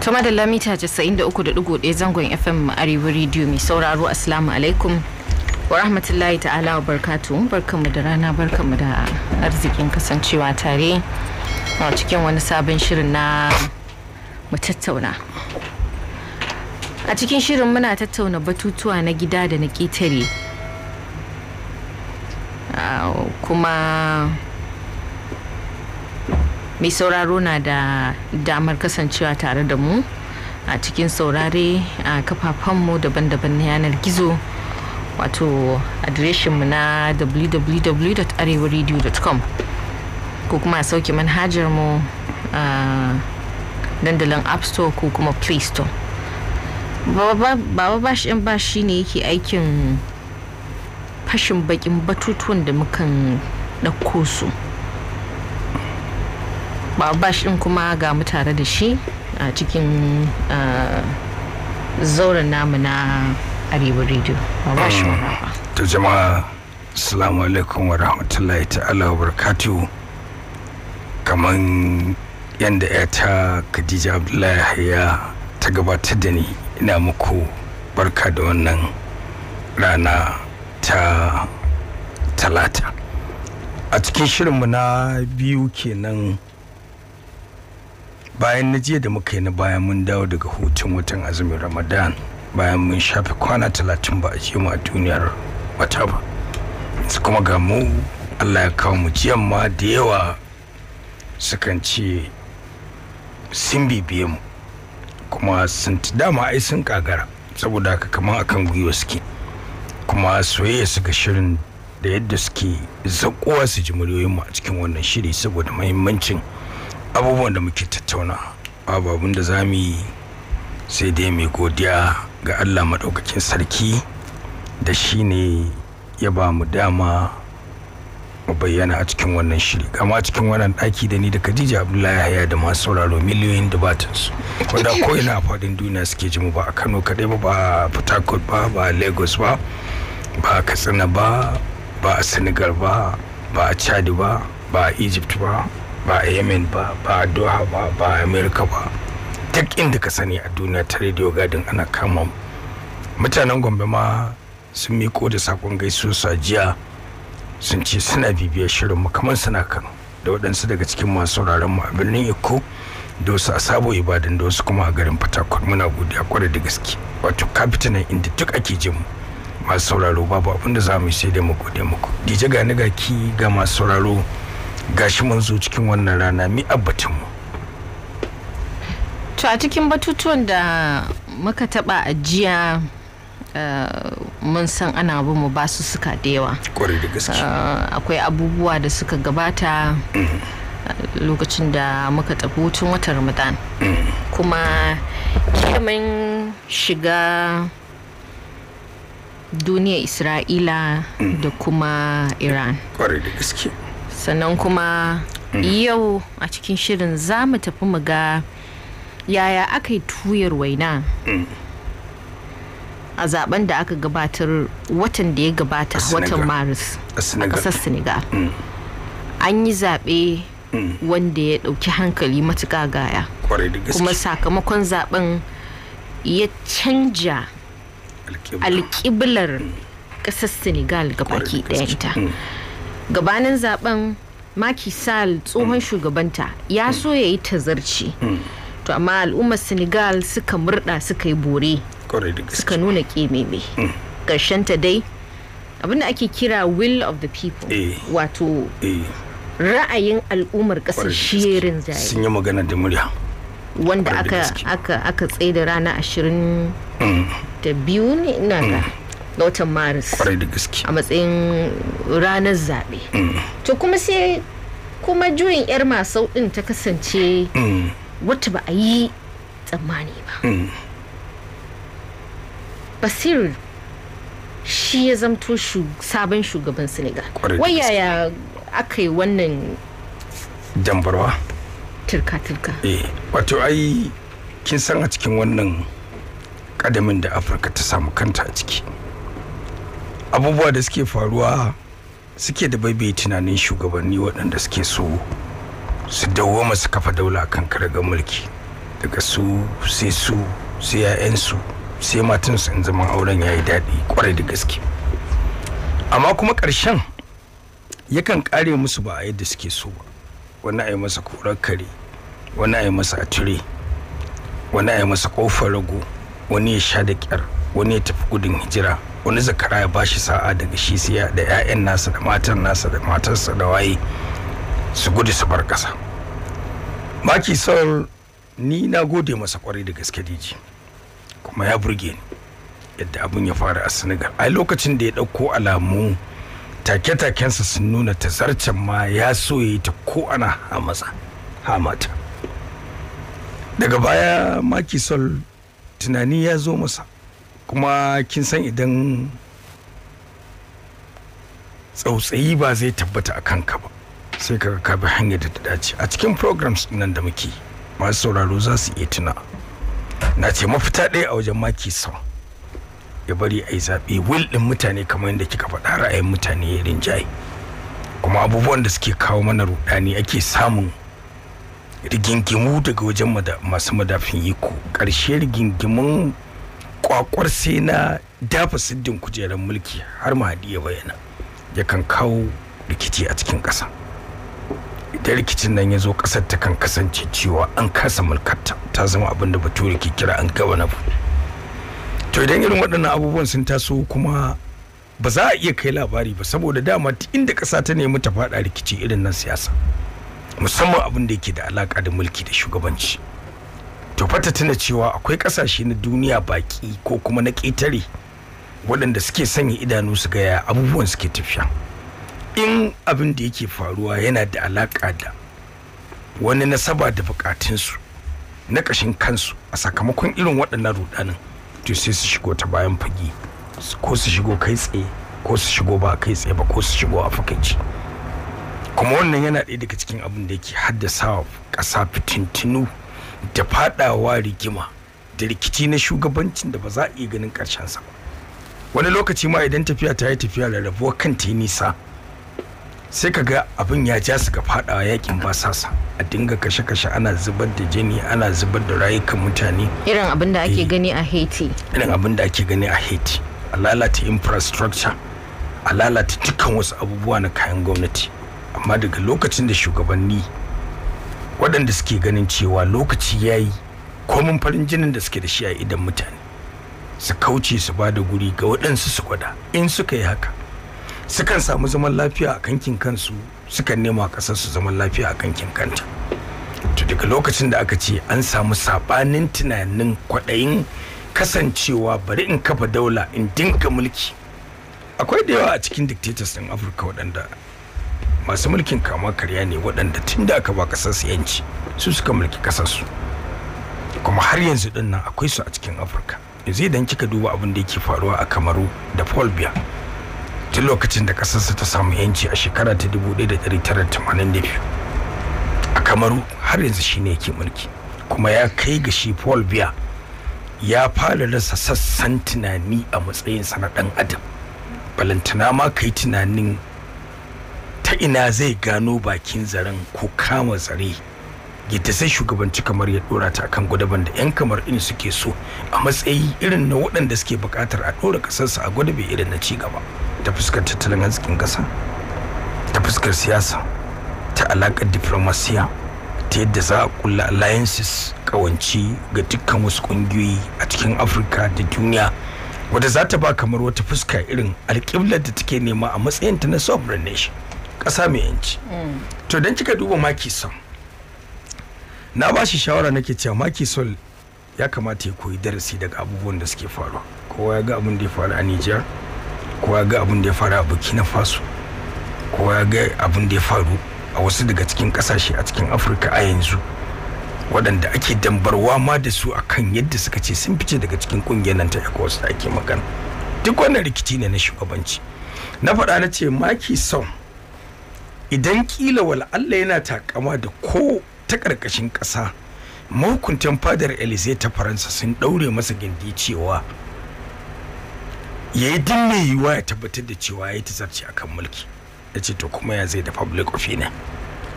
Tuma da lamita 93.1 zangon FM Arewa Radio mai sauraro asalamu alaikum wa rahmatullahi ta'ala wa barkatu barkanmu da rana barkanmu da arzikin kasancewa tare a cikin wani sabon shirin na mu tattauna. A cikin shirin muna tattauna batutuwa na gida da na ƙetare ah, kuma mai sauraro na da damar kasancewa tare da mu a cikin saurare a kafafenmu daban-daban na yanar gizo wato mu na www.arewaradio.com ko kuma a sauke manhajar mu a dandalin app store ko kuma play store baba bashi ba shi ne yake aikin fashin bakin batutuwan da mukan ɗauko su babash din kuma ga mu tare da shi a cikin zauren namu na arewa radio babash marhaba to jama'a assalamu alaikum wa rahmatullahi ta'ala wa barakatuhu kaman yadda ta khadija abdullahi ya ta gabatar da ni ina muku barka da wannan rana ta talata a cikin shirinmu na biyu kenan bayan na jiya da muka yi na bayan mun dawo daga hutun watan azumin ramadan bayan mun shafe kwana talatin ba a je mu a duniyar wata ba su kuma ga mu allah ya kawo mu jiyan ma da yawa sukan ce sun bibiye mu kuma sun ci dama ai sun kagara saboda haka kamar akan gwiwa suke kuma soyayya su ga shirin da yadda suke zaƙuwa su ji mu a cikin wannan shiri saboda mahimmancin abubuwan da muke tattauna ababun da za yi sai dai mai godiya ga allah maɗaukakin sarki da shi ne ya ba mu dama mu bayyana a cikin wannan shiri kama cikin wannan ɗaki da ni da khadija abdullahi haya da masu sauraro miliyoyin da su. wanda ko ina faɗin duniya suke ji mu ba a kano kaɗai ba ba port ba ba lagos ba ba katsina ba ba a senegal ba ba a chad ba ba a egypt ba ba a yemen ba ba a doha ba ba a Amerika ba duk inda ka sani a duniya ta radio gadin ana kama mutanen gombe ma sun miko da sakon gaisuwa jiya sun ce suna bibiyar shirin kamar suna kano da waɗansu daga cikin masu mu a birnin iko da wasu a sabo ibadan da wasu kuma a garin fatakwal muna godiya kwarai da gaske wato kafitinan inda duk ake jin mu masu sauraro babu abin da za mu yi sai dai mu gode muku dije ga ni ga ki ga masu sauraro gashi mun zo cikin wannan rana mi abbatin mu to a cikin batutuwan da muka taba ajiya jiya eh, mun san ana bin mu ba su suka da yawa eh, akwai abubuwa da suka gabata mm. lokacin da muka tafi hutun watan ramadan mm. kuma mun shiga duniya isra'ila mm. da kuma iran sannan kuma mm. yau a cikin shirin za mu tafi mu ga yaya aka yi tuyar waina mm. a zaben da aka gabatar watan da ya gabata watan maris a kasar senegal mm. an yi zaɓe wanda ya ɗauki hankali matuƙa gaya kuma sakamakon zaben ya canja alƙiblar ƙasar senegal gabaki ɗayanta gabanin zaben maki sal tsohon mm. shugabanta ya mm. so ya yi tazarci mm. to amma al'ummar Senegal suka murda suka yi bore suka nuna kememe ta dai abinda ake kira will of the people eh. wato eh. ra'ayin al'ummar ƙasar shirin zai sun yi magana da murya wanda aka tsaye da rana ashirin da ne ina ga na watan maris a matsayin ranar zaɓe mm. to kuma sai kuma juyin 'yar masau ɗin ta kasance mm. wata ba a yi tsammani ba mm. basir shi ya zamto sabon shugaban senegal wayaya aka yi wannan jambarwa turka-turka eh, wato ai kin san a cikin wannan kadamin da afirka ta samu kanta a ciki abubuwa da suke faruwa suke da baibaye tunanin shugabanni waɗanda suke so su dauwa masu kafa daula kan karagar mulki daga su sai su sai 'ya'yansu sai matan su in zaman auren ya yi daɗi kwarai da gaske amma kuma ƙarshen yakan ƙare musu ba a yadda suke so ba wani a yi masa korar kare wani a masa a wani a masa ƙofar rago wani ya sha da ƙyar wani ya tafi gudun hijira wani zakara ya bashi sa'a daga shi siya da 'ya'yan nasa da matan nasa da matarsa da waye su gudu su bar ƙasa maki ni na gode masa kwarai da gaske diji kuma ya burge ni yadda abin ya fara a senegal ai lokacin da ya ɗauko alamu take-takensa sun nuna tazarcen ma ya so ya yi ta ko ana hamasa hamata daga baya maki sol tunani ya zo masa kuma kin san idan tsautsayi ba zai tabbata a kanka ba sai ka ka bi hanyar da ta dace a cikin programs nan da muke masu sauraro za su iya tuna na ce mafita ɗaya a wajen maki sau ya bari a yi zaɓe wil ɗin mutane kamar yadda kika faɗa ra'ayin mutane ya rinjaye kuma abubuwan da suke kawo mana rudani ake samun rigingimu daga wajen masu madafin iko ƙarshe rigingimun kwakwar sai na dafa siddin kujerar mulki har mahadi ya bayyana yakan kawo rikici a cikin ƙasa idan rikicin nan ya zo ƙasar ta kan kasance cewa an kasa mulkarta ta zama abin da bature ke kira an gaba na to idan irin waɗannan abubuwan sun taso kuma ba za a iya kai labari ba saboda dama inda ƙasa ta nemi ta faɗa rikici irin nan siyasa musamman abin da yake da alaƙa da mulki da shugabanci to fata tana cewa akwai kasashe na duniya baki ko kuma na ƙetare waɗanda suke sanya idanu su gaya abubuwan suke tafiya in abin da yake faruwa yana da alaƙa da wani nasaba da bukatunsu na ƙashin kansu a sakamakon irin waɗannan rudanin to sai su shigo ta bayan fage ko su shigo kai tsaye ko su shigo ba kai tsaye ba ko su shigo a fakaici kuma wannan yana ɗaya daga cikin abin da yake haddasa ƙasa fitintinu da fadawa rigima da rikici na shugabancin da ba za a iya ganin sa ba wani lokaci ma idan tafiya ta yi tafiya da rabuwa kan ta yi nisa sai ka ga abin ya ja su ga fadawa yakin basasa a dinga kashe-kashe ana zubar da jini ana zubar da rayukan mutane irin abin da ake eh. gani a haiti irin abin da ake gani a haiti a lalata infrastructure a lalata dukkan wasu abubuwa na kayan gwamnati amma daga lokacin da shugabanni waɗanda suke ganin cewa lokaci ya yi komin farin jinin da suke da shi a idan mutane su kauce su ba da guri ga waɗansu su gwada in suka yi haka sukan samu zaman lafiya a kankin kansu sukan nema ƙasar su zaman lafiya a kankin kanta to daga lokacin da aka ce an samu saɓanin tunanin kwaɗayin kasancewa bari in kafa daula in dinka mulki akwai da yawa a cikin dictators ɗin afirka waɗanda masu mulkin kama karya ne waɗanda tun da aka ba kasar su yanci su suka mulki kasar su kuma har yanzu din nan akwai su a cikin afirka yanzu idan kika duba abin da yake faruwa a kamaru da paul biya tun lokacin da kasarsa ta samu yanci a shekara ta 1982 a kamaru har yanzu shine yake mulki kuma ya kai ga shi paul biya ya fara rasa sassan tunani a matsayin na ɗan adam balantana ma kai tunanin ina zai gano bakin zaren ko kama zare gita sai shugabanci kamar ya dora ta kan gudaban da 'yan kamar in suke so a matsayi irin na waɗanda suke buƙatar a dora ƙasarsa a gwadabe irin na ci gaba ta fuskar tattalin arzikin ƙasa ta fuskar siyasa ta alaƙar diflomasiya ta yadda za a kulla alliances kawanci ga dukkan wasu ƙungiyoyi a cikin afirka da duniya wadda za ta ba kamar wata fuska irin alƙiblar da take nema a matsayinta na sovereign nation ƙasa mai yanci mm. to don kika duba maki son na ba shi shawara nake cewa maki son ya kamata ya koyi darasi daga abubuwan da suke faruwa kowa ya ga abin da ya faru a nijar kowa ya ga abin da ya faru a burkina faso kowa ya ga abin da ya faru a wasu daga cikin kasashe a cikin afirka a yanzu waɗanda ake dambarwa ma da su akan yadda suka ce sun fice daga cikin ƙungiyar nan ta ecowas da ake magana duk wannan rikici ne na shugabanci na faɗa na ce maki son idan kila wal Allah yana takama da ko ta ƙarƙashin ƙasa mahukuntan fadar elize ta faransa sun ɗaure masa gindi cewa ya yi dinne yiwuwa ya tabbatar da cewa ya yi zarce a kan mulki ya ce to kuma ya zai da public opinion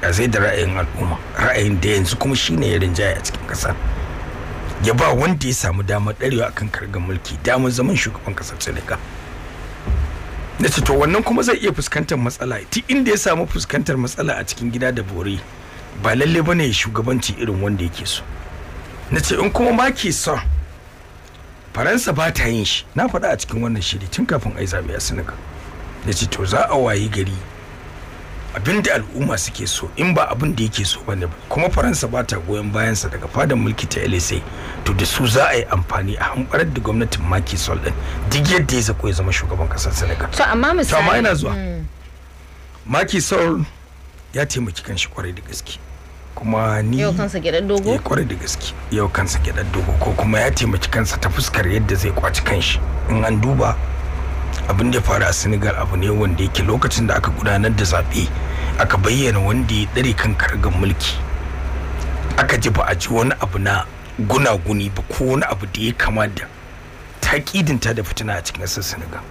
ya zai da ra'ayin al'umma ra'ayin da yanzu kuma shine ya rinjaye a cikin ƙasa ya ba wanda ya samu damar ɗarewa akan kargar mulki damar zaman shugaban ƙasar senegal na ce to wannan kuma zai iya fuskantar matsala ti inda ya samu fuskantar matsala a cikin gida da bore ba lalle ba ne shugabanci irin wanda yake so na ce in kuma ma ke son faransa ba ta yin shi na faɗa a cikin wannan shiri tun kafin ai zaɓe a na ce to za a wayi gari abinda al'umma suke so in ba abin da yake so bane ba kuma faransa ba ta goyon bayansa daga fadar mulki ta lsa to da su za a yi amfani a hamɓarar da gwamnatin maki sol din duk yadda ya zako ya zama shugaban kasar senegal to amma misali ta amma yana zuwa hmm. maki sol ya taimaki kanshi kwarai da gaske kuma ni yau kansa gidan dogo ya eh, kwarai da gaske yau kansa gidan dogo ko kuma ya taimaki kansa ta fuskar yadda zai kwaci kanshi in an duba abin da ya faru a senegal abu ne wanda yake lokacin da aka gudanar da zaɓe aka bayyana wanda ya dare kan kargan mulki aka ji ba a ji wani abu na gunaguni ba ko wani abu da ya kama da taƙidinta da fitina a cikin ƙasar senegal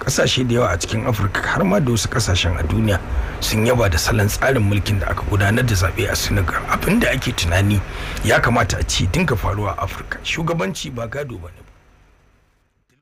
ƙasashe da yawa a cikin afirka har ma da wasu ƙasashen a duniya sun yaba da salon tsarin mulkin da aka gudanar da zaɓe a senegal abin da ake tunani ya kamata a ce dinga faruwa a afirka shugabanci ba gado ba ne